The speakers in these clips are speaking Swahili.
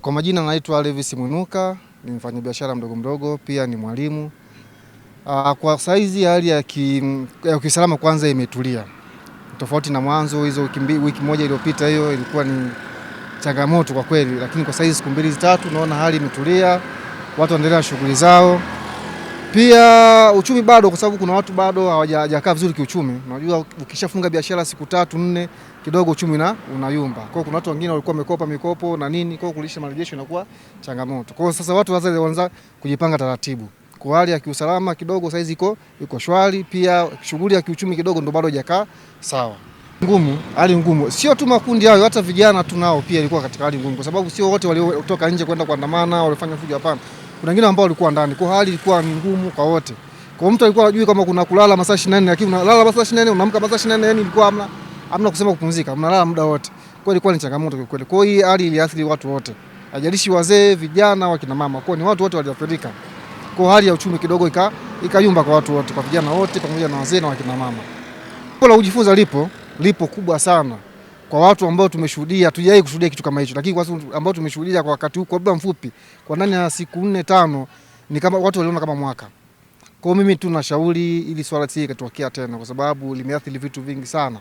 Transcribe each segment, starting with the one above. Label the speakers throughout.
Speaker 1: Kwa majina naitwa Levis Mwinuka, ni mfanyabiashara mdogo mdogo, pia ni mwalimu. Ah, kwa saizi hali ya kiusalama kwanza imetulia, tofauti na mwanzo. Hizo wiki moja iliyopita, hiyo ilikuwa ni changamoto kwa kweli, lakini kwa saizi siku mbili tatu, naona hali imetulia, watu wanaendelea shughuli zao. Pia uchumi bado, kwa sababu kuna watu bado hawajakaa vizuri kiuchumi. Unajua, ukishafunga biashara siku tatu nne, kidogo uchumi na unayumba. Kwa hiyo kuna watu wengine walikuwa wamekopa mikopo na nini, kwa hiyo kulisha marejesho inakuwa changamoto. Kwa hiyo sasa watu waanza kujipanga taratibu. Kwa hali ya kiusalama kidogo saizi iko iko shwari, pia shughuli ya kiuchumi kidogo ndo bado hajakaa sawa ngumu hali ngumu, sio tu makundi hayo, hata vijana tunao pia ilikuwa katika hali ngumu, kwa sababu sio wote waliotoka nje kwenda kuandamana walifanya fujo. Hapana, kuna wengine ambao walikuwa ndani, kwa hali ilikuwa ngumu kwa wote. Kwa mtu alikuwa ajui kama kuna kulala masaa 24 lakini unalala masaa 24 unaamka masaa 24 yani ilikuwa hamna hamna kusema kupumzika, unalala muda wote. Kwa ilikuwa ni changamoto kwa kweli. Kwa hii hali iliathiri watu wote. ajalishi wazee, vijana, wakina mama, kwa ni watu wote waliathirika. Kwa hali ya uchumi kidogo ika ikayumba kwa watu wote, kwa vijana wote pamoja na wazee na wakina mama. Kwa la kujifunza lipo, lipo kubwa sana kwa watu ambao tumeshuhudia, hatujawahi kushuhudia kitu kama hicho, lakini kwa watu ambao tumeshuhudia kwa wakati huu, kwa muda mfupi, kwa ndani ya siku nne tano, ni kama watu waliona kama mwaka. Kwa mimi tu nashauri ili swala si ikatokea tena, kwa sababu limeathiri vitu vingi sana,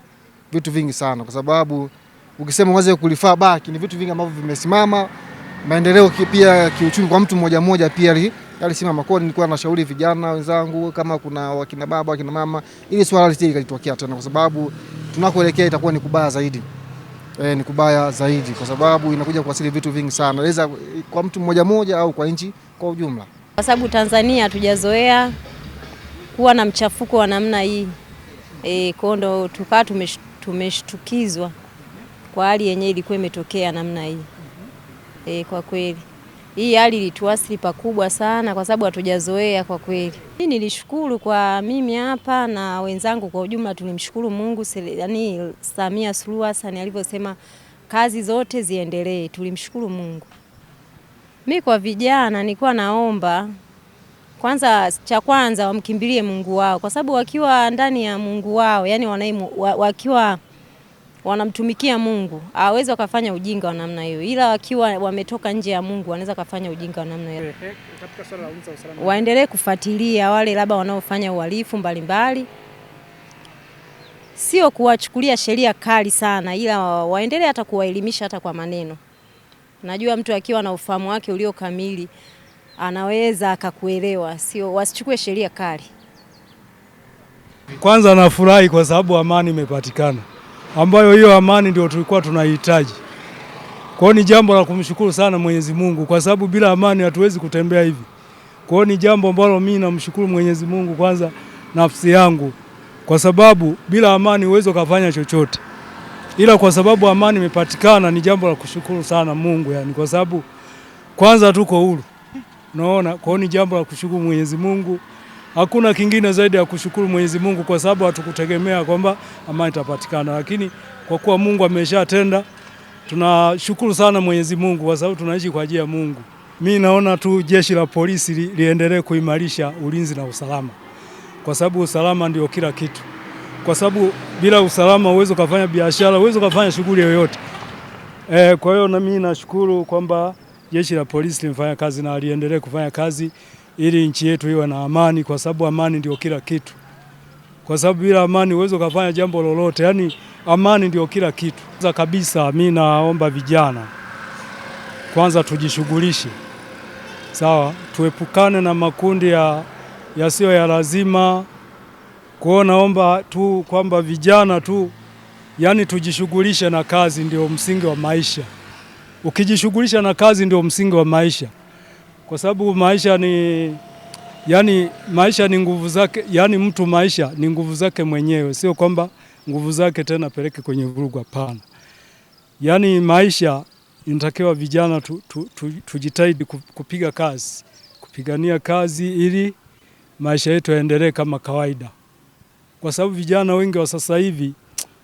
Speaker 1: vitu vingi sana, kwa sababu ukisema waze kulifaa baki, ni vitu vingi ambavyo vimesimama, maendeleo pia kiuchumi kwa mtu mmoja mmoja pia li alisimama. Kwa hiyo nilikuwa nashauri vijana wenzangu, kama kuna wakina baba wakina mama, ili swala lisije likatokea tena, kwa sababu tunakoelekea itakuwa ni kubaya zaidi. E, ni kubaya zaidi kwa sababu inakuja kuasili vitu vingi sana, aweza kwa mtu mmoja mmoja au kwa nchi kwa ujumla,
Speaker 2: kwa sababu Tanzania hatujazoea kuwa na mchafuko wa namna hii e, eh, kwao ndo tukawa tumeshtukizwa kwa hali yenyewe ilikuwa imetokea namna hii e, kwa kweli hii hali ilituathiri pakubwa sana, kwa sababu hatujazoea kwa kweli. Mimi nilishukuru kwa mimi hapa na wenzangu kwa ujumla, tulimshukuru Mungu, yani Samia Suluhu Hassan alivyosema kazi zote ziendelee, tulimshukuru Mungu. Mi kwa vijana nilikuwa naomba kwanza, cha kwanza wamkimbilie Mungu wao, kwa sababu wakiwa ndani ya Mungu wao, yani wanaimu, wakiwa wanamtumikia Mungu, hawawezi wakafanya ujinga wa namna hiyo, ila wakiwa wametoka nje ya Mungu wanaweza kafanya ujinga wa namna hiyo. Waendelee kufuatilia wale labda wanaofanya uhalifu mbalimbali, sio kuwachukulia sheria kali sana, ila waendelee hata kuwaelimisha hata kwa maneno. Najua mtu akiwa na ufahamu wake kamili anaweza akakuelewa, sio wasichukue sheria kali.
Speaker 3: Kwanza nafurahi kwa sababu amani imepatikana ambayo hiyo amani ndio tulikuwa tunahitaji. Kwa hiyo ni jambo la kumshukuru sana Mwenyezi Mungu kwa sababu bila amani hatuwezi kutembea hivi. Kwa hiyo ni jambo ambalo mimi namshukuru Mwenyezi Mungu kwanza nafsi yangu kwa sababu bila amani huwezi ukafanya chochote, ila kwa sababu amani imepatikana ni jambo la kushukuru sana Mungu, yani kwa sababu kwanza tuko huru, unaona. Kwa hiyo ni jambo la kushukuru Mwenyezi Mungu hakuna kingine zaidi ya kushukuru Mwenyezi Mungu kwa sababu hatukutegemea kwamba amani itapatikana, lakini kwa kuwa Mungu ameshatenda, tunashukuru sana Mwenyezi Mungu kwa sababu tunaishi kwa ajili ya Mungu. Mi naona tu jeshi la polisi li, liendelee kuimarisha ulinzi na usalama, kwa sababu usalama ndio kila kitu, kwa sababu bila usalama huwezi ukafanya biashara, huwezi ukafanya shughuli yoyote. E, kwa hiyo na mimi nashukuru kwamba jeshi la polisi limefanya kazi na liendelee kufanya kazi ili nchi yetu iwe na amani, kwa sababu amani ndio kila kitu, kwa sababu bila amani huwezi ukafanya jambo lolote. Yani amani ndio kila kitu. Kwanza kabisa, mi naomba vijana kwanza tujishughulishe, sawa, tuepukane na makundi yasiyo ya, ya lazima kwao. Naomba tu kwamba vijana tu yani tujishughulishe na kazi, ndio msingi wa maisha. Ukijishughulisha na kazi ndio msingi wa maisha kwa sababu maisha ni yani, maisha ni nguvu zake, yani mtu maisha ni nguvu zake mwenyewe, sio kwamba nguvu zake tena peleke kwenye vurugu. Hapana, yani maisha inatakiwa vijana tu, tu, tu, tujitahidi kupiga kazi, kupigania kazi ili maisha yetu yaendelee kama kawaida, kwa sababu vijana wengi wa sasa hivi